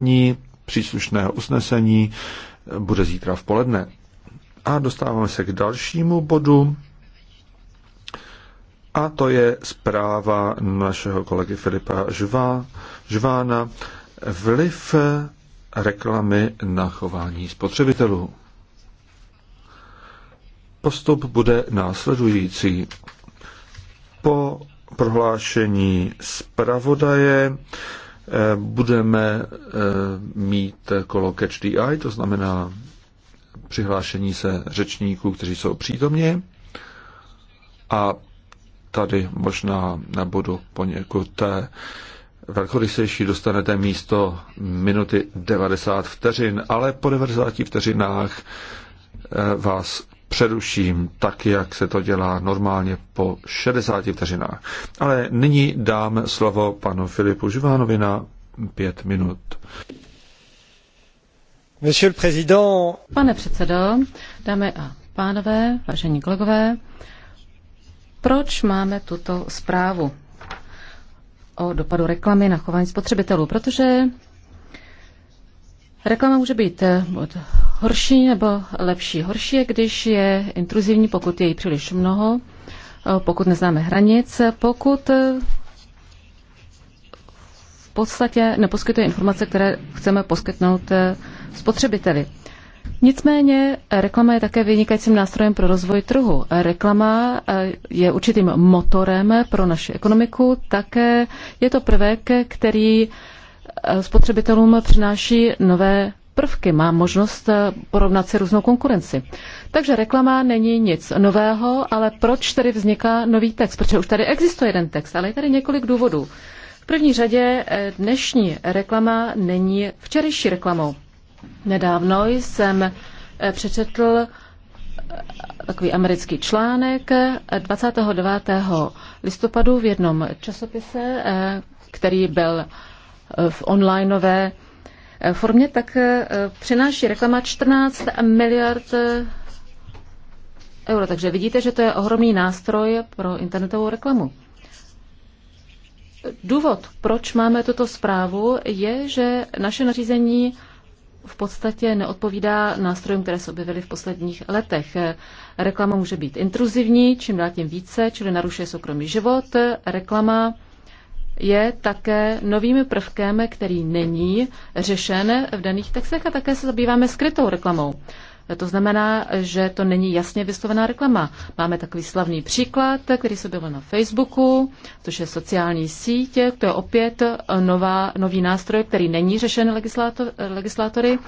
Ní příslušného usnesení eh, bude zítra v poledne. A dostáváme se k dalšímu bodu. A to je zpráva našeho kolegy Filipa Žvá, Žvána. Vliv reklamy na chování spotřebitelů. Postup bude následující. Po prohlášení zpravodaje Eh, budeme eh, mít kolo Catch the Eye, to znamená přihlášení se řečníků, kteří jsou přítomni. A tady možná nebudu poněkud eh, velkorysejší, dostanete místo minuty 90 vteřin, ale po 90 vteřinách vás přeruším tak, jak se to dělá normálně po 60 vteřinách. Ale nyní dám slovo panu Filipu Živánovi na pět minut. Pane předsedo, dámy a pánové, vážení kolegové, proč máme tuto zprávu o dopadu reklamy na chování spotřebitelů? Protože Reklama může být eh, horší nebo lepší. Horší je, když je intruzivní, pokud je jí příliš mnoho, eh, pokud neznáme hranic, pokud eh, v podstatě neposkytuje informace, které chceme poskytnout spotřebiteli. Nicméně reklama je také vynikajícím nástrojem pro rozvoj trhu. Reklama je určitým motorem pro naši ekonomiku, také je to prvek, který Eh, spotřebitelům přináší nové prvky, má možnost eh, porovnat si různou konkurenci. Takže reklama není nic nového, ale proč tedy vzniká nový text? Protože už tady existuje jeden text, ale je tady několik důvodů. V první řadě eh, dnešní reklama není včerejší reklamou. Nedávno jsem přečetl takový americký článek 29. listopadu v jednom časopise, který byl Eh, v onlineové eh, formě, tak eh, přináší reklama 14 miliard euro. Takže vidíte, že to je ohromný nástroj pro internetovou reklamu. Důvod, proč máme tuto zprávu, je, že naše nařízení v podstatě neodpovídá nástrojům, které se objevily v posledních letech. Reklama může být intruzivní, čím dál tím více, čili narušuje soukromý život. Reklama je také novým prvkem, který není řešen v daných textech a také se zabýváme skrytou reklamou. To znamená, že to není jasně vyslovená reklama. Máme takový slavný příklad, který se byl na Facebooku, což je sociální sítě, to je opět nová, nový nástroj, který není řešen legislátor, legislátory,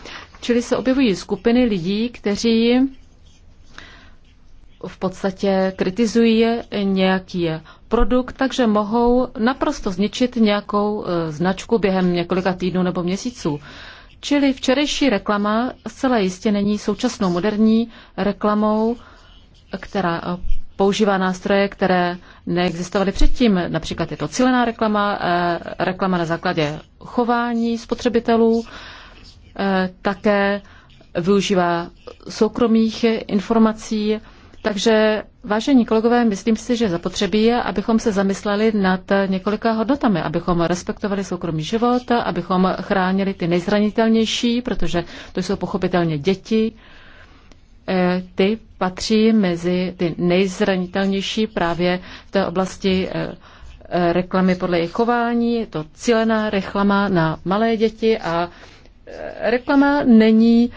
čili se objevují skupiny lidí, kteří v podstatě kritizují nějaký produkt, takže mohou naprosto zničit nějakou e, značku během několika týdnů nebo měsíců. Čili včerejší reklama zcela jistě není současnou moderní reklamou, která e, používá nástroje, které neexistovaly předtím. Například je to cílená reklama, e, reklama na základě chování spotřebitelů, také využívá soukromých informací, takže, vážení kolegové, myslím si, že zapotřebí, abychom se zamysleli nad několika hodnotami, abychom respektovali soukromý život, abychom chránili ty nejzranitelnější, protože to jsou pochopitelně děti. E, ty patří mezi ty nejzranitelnější právě v té oblasti e, e, reklamy podle jejich chování, je to cílená reklama na malé děti a reklama není uh,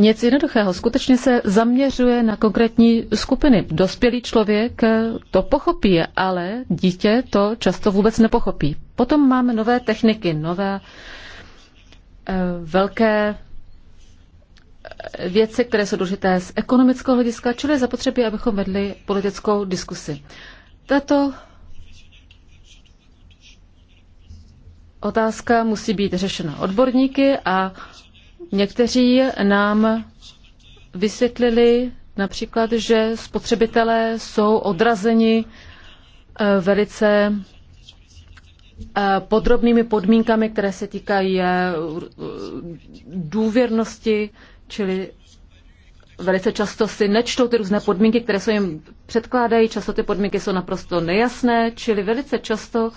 nic jednoduchého. Skutečně se zaměřuje na konkrétní skupiny. Dospělý člověk eh, to pochopí, ale dítě to často vůbec nepochopí. Potom máme nové techniky, nové eh, velké eh, věci, které jsou důležité z ekonomického hlediska, čili zapotřebí, abychom vedli politickou diskusi. Tato otázka musí být řešena odborníky a Někteří nám vysvětlili například, že spotřebitelé jsou odrazeni eh, velice eh, podrobnými podmínkami, které se týkají eh, důvěrnosti, čili velice často si nečtou ty různé podmínky, které se jim předkládají, často ty podmínky jsou naprosto nejasné, čili velice často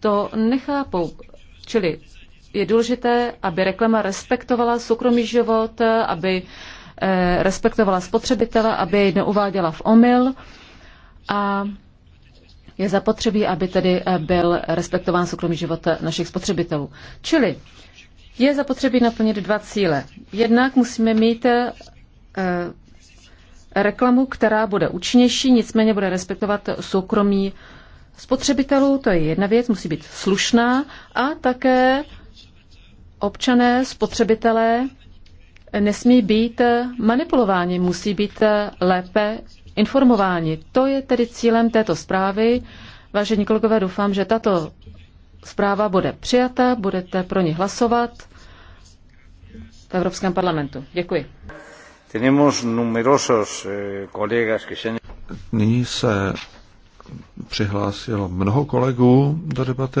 to nechápou. Čili je důležité, aby reklama respektovala soukromý život, aby eh, respektovala spotřebitele, aby jej neuváděla v omyl a je zapotřebí, aby tedy eh, byl respektován soukromý život eh, našich spotřebitelů. Čili je zapotřebí naplnit dva cíle. Jednak musíme mít reklamu, která bude účinnější, nicméně bude respektovat soukromí spotřebitelů, to je jedna věc, musí být slušná a také občané, spotřebitelé nesmí být manipulováni, musí být lépe informováni. To je tedy cílem této zprávy. Vážení kolegové, doufám, že tato zpráva bude přijata, budete pro ní hlasovat v Evropském parlamentu. Děkuji. Eh, Nyní se přihlásilo mnoho kolegů do debaty.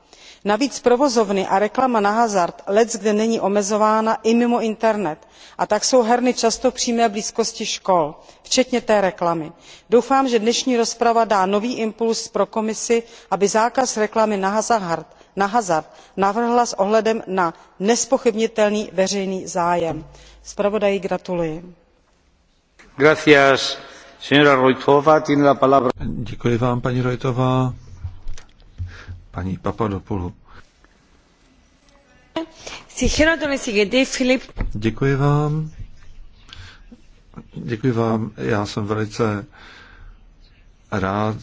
navíc provozovny a reklama na hazard leckde není omezována i mimo internet a tak jsou herny často v přímé blízkosti škol včetně té reklamy. doufám že dnešní rozprava dá nový impuls pro komisi aby zákaz reklamy na hazard navrhla s ohledem na nezpochybnitelný veřejný zájem. zpravodaji gratuluji. paní paní Papadopoulou. Děkuji vám. Děkuji vám. Já jsem velice rád,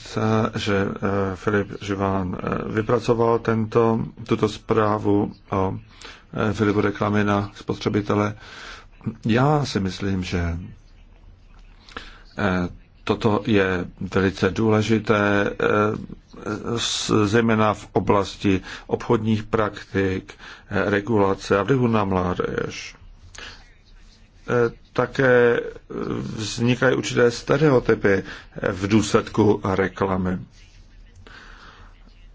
že eh, Filip Živán eh, vypracoval tento, tuto zprávu o Filipu eh, reklamy na spotřebitele. Já si myslím, že toto je velice důležité zejména v oblasti obchodních praktik, eh, regulace a vlivu na mládež. Eh, také vznikají určité stereotypy v důsledku reklamy.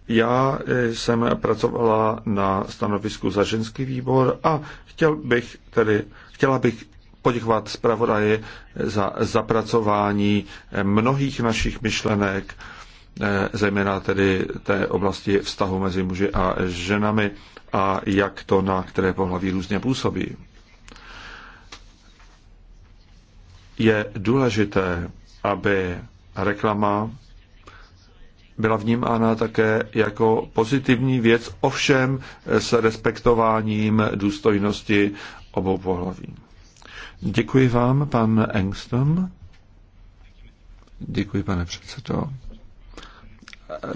Já jsem pracovala na stanovisku za ženský výbor a chtěl bych tedy, chtěla bych poděkovat zpravodaji za zapracování mnohých našich myšlenek Eh, zejména tedy té oblasti vztahu mezi muži a ženami a jak to na které pohlaví různě působí. Je důležité, aby reklama byla vnímána také jako pozitivní věc, ovšem s respektováním důstojnosti obou pohlaví. Děkuji vám, pan Engstom. Děkuji, pane předsedo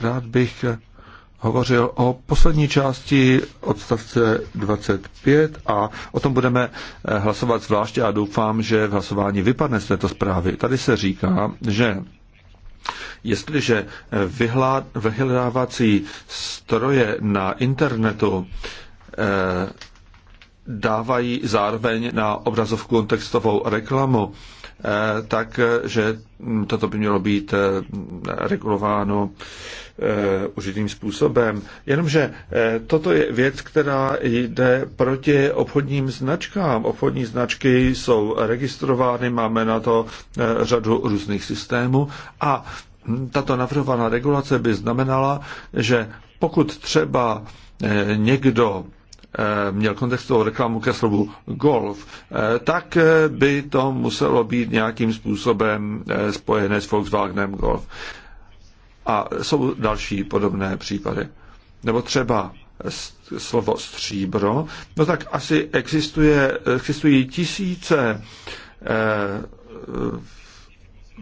rád bych hovořil o poslední části odstavce 25 a o tom budeme eh, hlasovat zvláště a doufám, že v hlasování vypadne z této zprávy. Tady se říká, že jestliže eh, vyhledávací stroje na internetu eh, dávají zároveň na obrazovku kontextovou reklamu, Eh, tak že toto by mělo být eh, regulováno eh, užitým způsobem. Jenomže toto je věc, která jde proti obchodním značkám. Obchodní značky jsou registrovány, máme na to řadu různých systémů a tato navrhovaná regulace by znamenala, že pokud třeba někdo Eh, měl kontextovou reklamu ke slovu golf, eh, tak eh, by to muselo být nějakým způsobem spojené s Volkswagenem Golf. A jsou další podobné případy. Nebo třeba slovo stříbro, no tak asi existuje, existují tisíce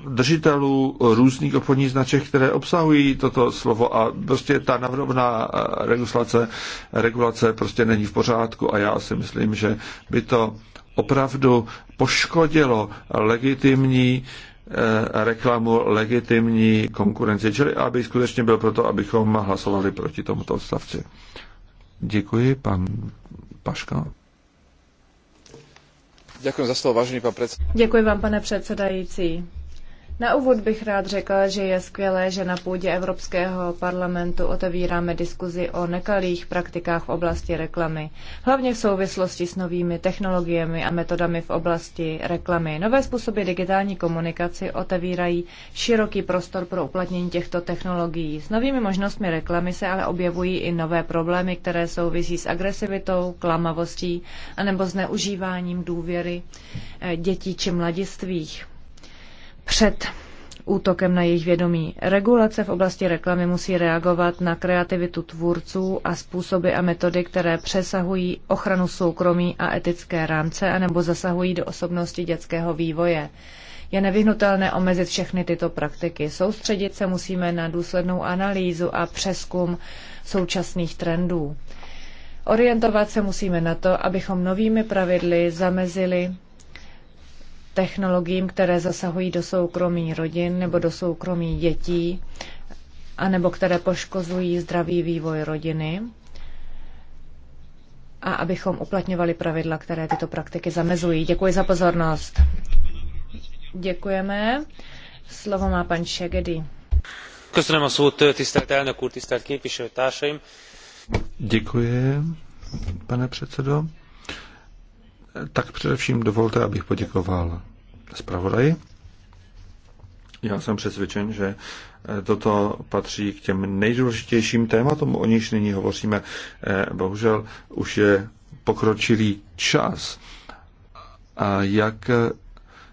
držitelů různých obchodních značek, které obsahují toto slovo a prostě ta navrhovná eh, regulace, regulace prostě není v pořádku a já si myslím, že by to opravdu poškodilo legitimní eh, reklamu legitimní konkurenci, čili aby skutečně byl proto, abychom hlasovali proti tomuto odstavci. Děkuji, pan Paška. Děkuji za slovo, vážený pan předsedající. Děkuji vám, pane předsedající. Na úvod bych rád řekla, že je skvělé, že na půdě Evropského parlamentu otevíráme diskuzi o nekalých praktikách v oblasti reklamy, hlavně v souvislosti s novými technologiemi a metodami v oblasti reklamy. Nové způsoby digitální komunikaci otevírají široký prostor pro uplatnění těchto technologií. S novými možnostmi reklamy se ale objevují i nové problémy, které souvisí s agresivitou, klamavostí anebo zneužíváním důvěry eh, dětí či mladistvých před útokem na jejich vědomí. Regulace v oblasti reklamy musí reagovat na kreativitu tvůrců a způsoby a metody, které přesahují ochranu soukromí a etické rámce anebo zasahují do osobnosti dětského vývoje. Je nevyhnutelné omezit všechny tyto praktiky. Soustředit se musíme na důslednou analýzu a přeskum současných trendů. Orientovat se musíme na to, abychom novými pravidly zamezili technologiím, které zasahují do soukromí rodin nebo do soukromí dětí, anebo které poškozují zdravý vývoj rodiny a abychom uplatňovali pravidla, které tyto praktiky zamezují. Děkuji za pozornost. Děkujeme. Slovo má pan Šegedy. Děkuji, pane předsedo. Tak především dovolte, abych poděkoval zpravodaji. Já jsem přesvědčen, že toto patří k těm nejdůležitějším tématům, o nichž nyní hovoříme. Bohužel už je pokročilý čas. A jak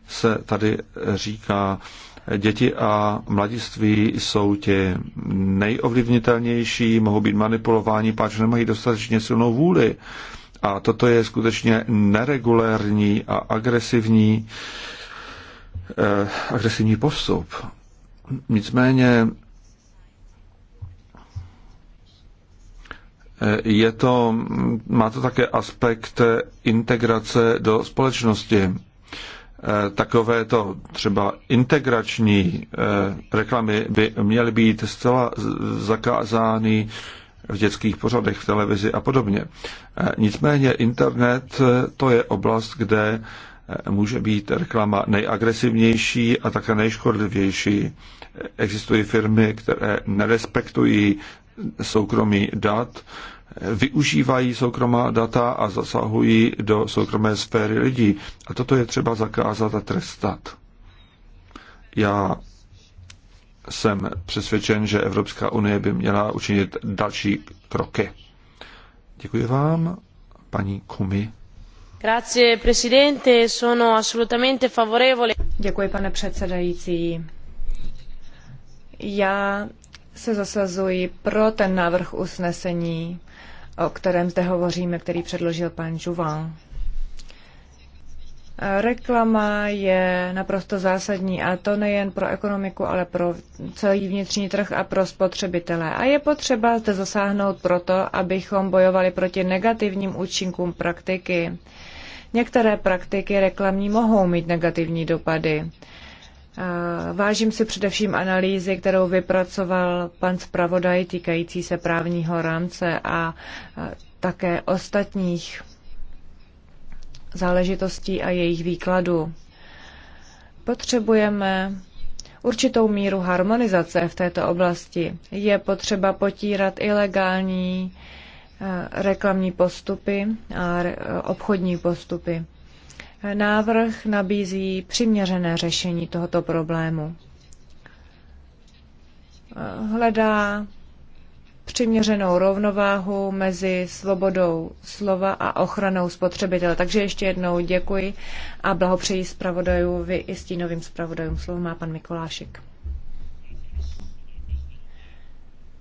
se tady říká, děti a mladiství jsou ti nejovlivnitelnější, mohou být manipulováni, páč nemají dostatečně silnou vůli. A toto je skutečně neregulérní a agresivní, eh, agresivní postup. Nicméně eh, je to, má to také aspekt integrace do společnosti. Eh, takové to třeba integrační eh, reklamy by měly být zcela zakázány v dětských pořadech, v televizi a podobně. E, nicméně internet e, to je oblast, kde e, může být reklama nejagresivnější a také nejškodlivější. Existují firmy, které nerespektují soukromí dat, využívají soukromá data a zasahují do soukromé sféry lidí. A toto je třeba zakázat a trestat. Já jsem přesvědčen, že Evropská unie by měla učinit další kroky. Děkuji vám, paní Kumi. Grazie, presidente. Sono assolutamente favorevole. Děkuji, pane předsedající. Já se zasazuji pro ten návrh usnesení, o kterém zde hovoříme, který předložil pan Juvan. Reklama je naprosto zásadní a to nejen pro ekonomiku, ale pro celý vnitřní trh a pro spotřebitele. A je potřeba zde zasáhnout proto, abychom bojovali proti negativním účinkům praktiky. Některé praktiky reklamní mohou mít negativní dopady. Vážím si především analýzy, kterou vypracoval pan zpravodaj týkající se právního rámce a také ostatních záležitostí a jejich výkladu Potřebujeme určitou míru harmonizace v této oblasti. Je potřeba potírat ilegální eh, reklamní postupy a eh, obchodní postupy. Návrh nabízí přiměřené řešení tohoto problému. Eh, hledá přiměřenou rovnováhu mezi svobodou slova a ochranou spotřebitele. Takže ještě jednou děkuji a blahopřeji zpravodajů vy i stínovým zpravodajům. Slovo má pan Mikolášek.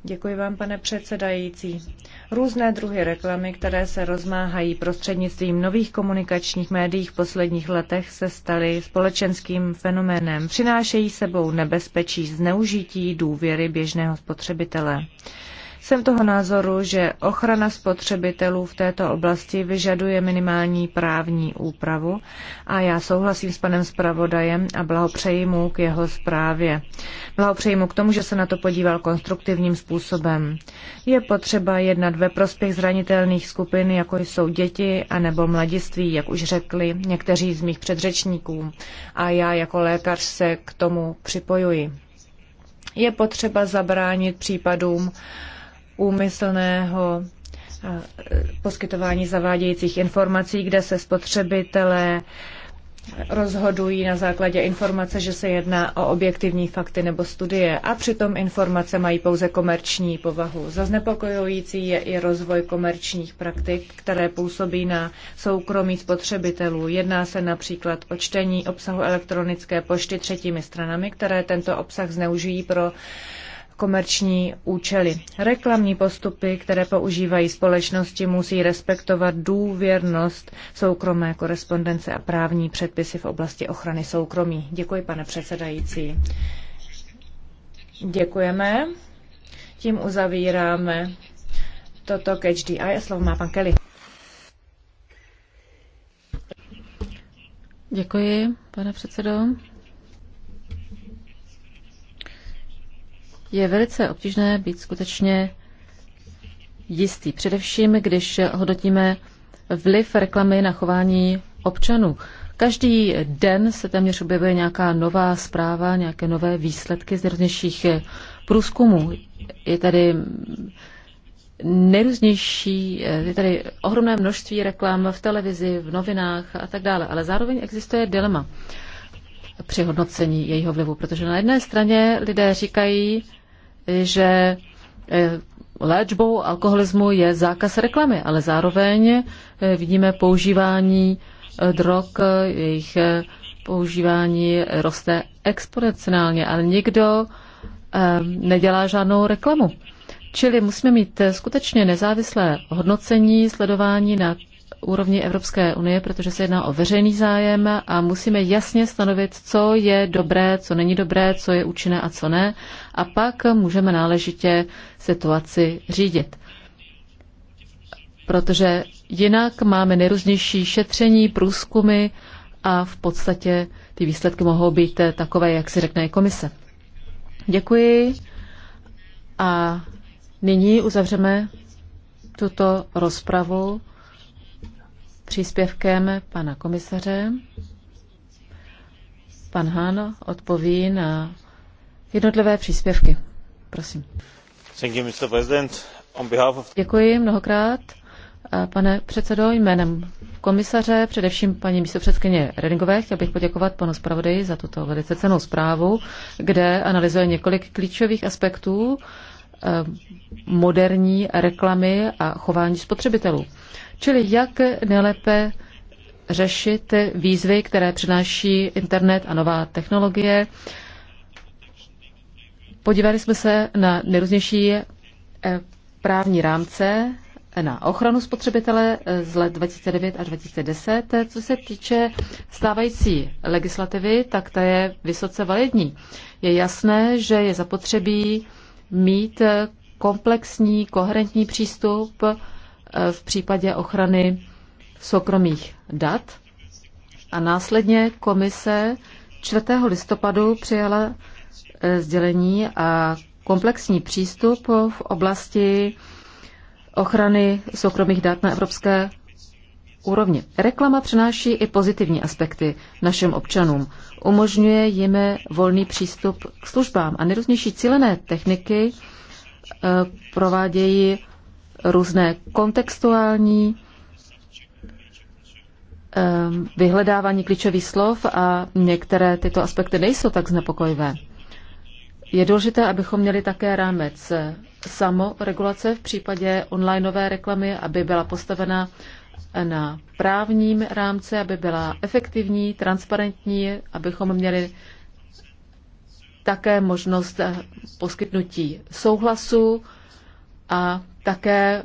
Děkuji vám, pane předsedající. Různé druhy reklamy, které se rozmáhají prostřednictvím nových komunikačních médií v posledních letech, se staly společenským fenoménem. Přinášejí sebou nebezpečí zneužití důvěry běžného spotřebitele. Jsem toho názoru, že ochrana spotřebitelů v této oblasti vyžaduje minimální právní úpravu a já souhlasím s panem zpravodajem a blahopřeji mu k jeho zprávě. Blahopřeji mu k tomu, že se na to podíval konstruktivním způsobem. Je potřeba jednat ve prospěch zranitelných skupin, jako jsou děti a nebo mladiství, jak už řekli někteří z mých předřečníků. A já jako lékař se k tomu připojuji. Je potřeba zabránit případům úmyslného eh, poskytování zavádějících informací, kde se spotřebitelé rozhodují na základě informace, že se jedná o objektivní fakty nebo studie a přitom informace mají pouze komerční povahu. Zaznepokojující je i rozvoj komerčních praktik, které působí na soukromí spotřebitelů. Jedná se například o čtení obsahu elektronické pošty třetími stranami, které tento obsah zneužijí pro komerční účely. Reklamní postupy, které používají společnosti, musí respektovat důvěrnost soukromé korespondence a právní předpisy v oblasti ochrany soukromí. Děkuji, pane předsedající. Děkujeme. Tím uzavíráme toto k HDI. Slovo má pan Kelly. Děkuji, pane předsedo. je velice obtížné být skutečně jistý, především když hodnotíme vliv reklamy na chování občanů. Každý den se téměř objevuje nějaká nová zpráva, nějaké nové výsledky z nejrůznějších průzkumů. Je tady nejrůznější, je tady ohromné množství reklam v televizi, v novinách a tak dále, ale zároveň existuje dilema při hodnocení jejího vlivu, protože na jedné straně lidé říkají, že e, léčbou alkoholismu je zákaz reklamy, ale zároveň e, vidíme používání e, drog, jejich používání roste exponenciálně, ale nikdo nedělá žádnou reklamu. Čili musíme mít skutečně nezávislé hodnocení, sledování na úrovni Evropské unie, protože se jedná o veřejný zájem a musíme jasně stanovit, co je dobré, co není dobré, co je účinné a co ne. A pak můžeme náležitě situaci řídit. Protože jinak máme nejrůznější šetření, průzkumy a v podstatě ty výsledky mohou být takové, jak si řekne i komise. Děkuji a nyní uzavřeme tuto rozpravu příspěvkem pana komisaře. Pan Han odpoví na jednotlivé příspěvky. Prosím. Děkuji mnohokrát. Pane předsedo, jménem komisaře, především paní místopředsedkyně Redingové, chtěl bych poděkovat panu zpravodaji za tuto velice cenou zprávu, kde analyzuje několik klíčových aspektů Eh, moderní reklamy a chování spotřebitelů. Čili jak nejlépe řešit výzvy, které přináší internet a nová technologie. Podívali jsme se na nejrůznější eh, právní rámce na ochranu spotřebitele eh, z let 2009 až 2010. Co se týče stávající legislativy, tak ta je vysoce validní. Je jasné, že je zapotřebí mít komplexní, koherentní přístup eh, v případě ochrany soukromých dat. A následně komise 4. listopadu přijala eh, sdělení a komplexní přístup v oblasti ochrany soukromých dat na evropské úrovni. Reklama přináší i pozitivní aspekty našim občanům. Umožňuje jim volný přístup k službám a nejrůznější cílené techniky eh, provádějí různé kontextuální eh, vyhledávání klíčových slov a některé tyto aspekty nejsou tak znepokojivé. Je důležité, abychom měli také rámec samoregulace v případě onlineové reklamy, aby byla postavena na právním rámci, aby byla efektivní, transparentní, abychom měli také možnost poskytnutí souhlasu a také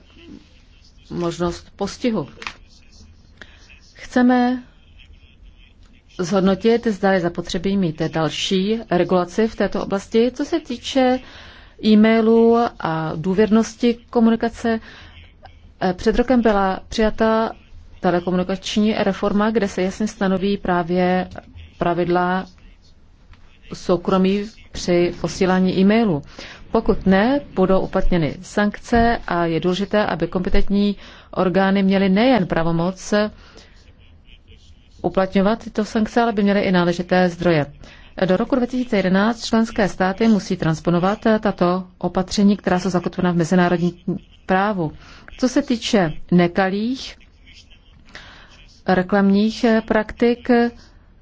možnost postihu. Chceme zhodnotit, zda je zapotřebí mít další regulaci v této oblasti. Co se týče e-mailů a důvěrnosti komunikace, Eh, před rokem byla přijata telekomunikační reforma, kde se jasně stanoví právě pravidla soukromí při posílání e-mailu. Pokud ne, budou uplatněny sankce a je důležité, aby kompetentní orgány měly nejen pravomoc uplatňovat tyto sankce, ale by měly i náležité zdroje. Do roku 2011 členské státy musí transponovat tato opatření, která jsou zakotvena v mezinárodní právu. Co se týče nekalých reklamních praktik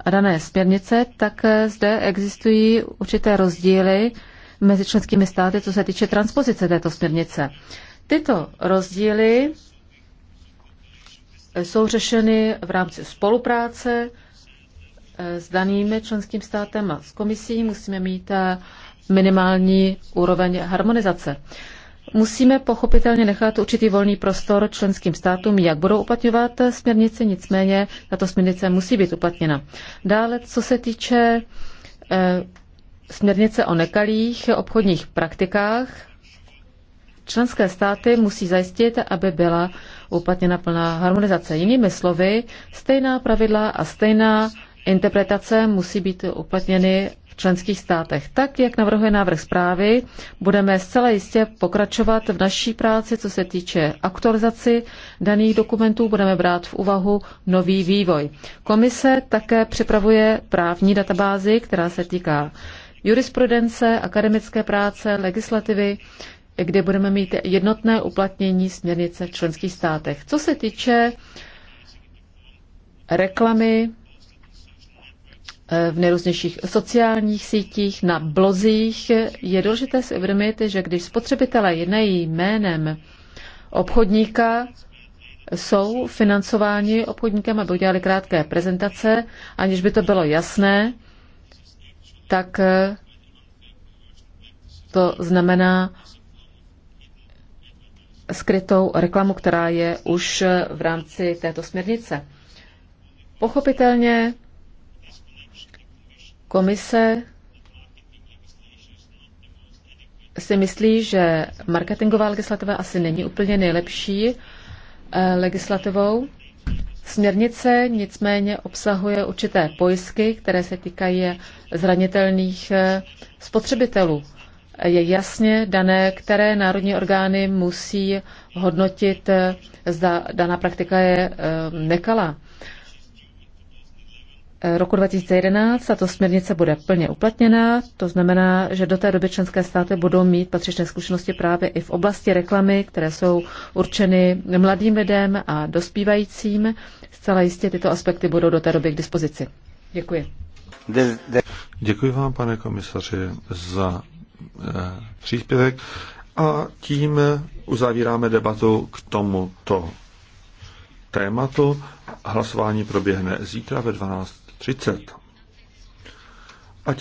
a dané směrnice, tak zde existují určité rozdíly mezi členskými státy, co se týče transpozice této směrnice. Tyto rozdíly jsou řešeny v rámci spolupráce Eh, s daným členským státem a s komisí musíme mít eh, minimální úroveň harmonizace. Musíme pochopitelně nechat určitý volný prostor členským státům, jak budou uplatňovat eh, směrnice, nicméně tato směrnice musí být uplatněna. Dále, co se týče směrnice o nekalých obchodních praktikách, členské státy musí zajistit, aby byla uplatněna plná harmonizace. Jinými slovy, stejná pravidla a stejná interpretace musí být uplatněny v členských státech. Tak, jak navrhuje návrh zprávy, budeme zcela jistě pokračovat v naší práci, co se týče aktualizaci daných dokumentů, budeme brát v úvahu nový vývoj. Komise také připravuje právní databázi, která se týká jurisprudence, akademické práce, legislativy, kde budeme mít jednotné uplatnění směrnice v členských státech. Co se týče reklamy, Eh, v nejrůznějších sociálních sítích, na blozích. Je důležité si uvědomit, že když spotřebitelé jednají jménem obchodníka, jsou financováni obchodníkem, aby udělali krátké prezentace, aniž by to bylo jasné, tak eh, to znamená skrytou reklamu, která je už eh, v rámci této směrnice. Pochopitelně Komise si myslí, že marketingová legislativa asi není úplně nejlepší eh, legislativou. Směrnice nicméně obsahuje určité pojistky, které se týkají zranitelných eh, spotřebitelů. Je jasně dané, které národní orgány musí hodnotit, eh, zda daná praktika je nekala. Eh, roku 2011 tato směrnice bude plně uplatněna. To znamená, že do té doby členské státy budou mít patřičné zkušenosti právě i v oblasti reklamy, které jsou určeny mladým lidem a dospívajícím. Zcela jistě tyto aspekty budou do té doby k dispozici. Děkuji. Děkuji vám, pane komisaři, za eh, příspěvek a tím uzavíráme debatu k tomuto tématu. Hlasování proběhne zítra ve 12. 30. A tím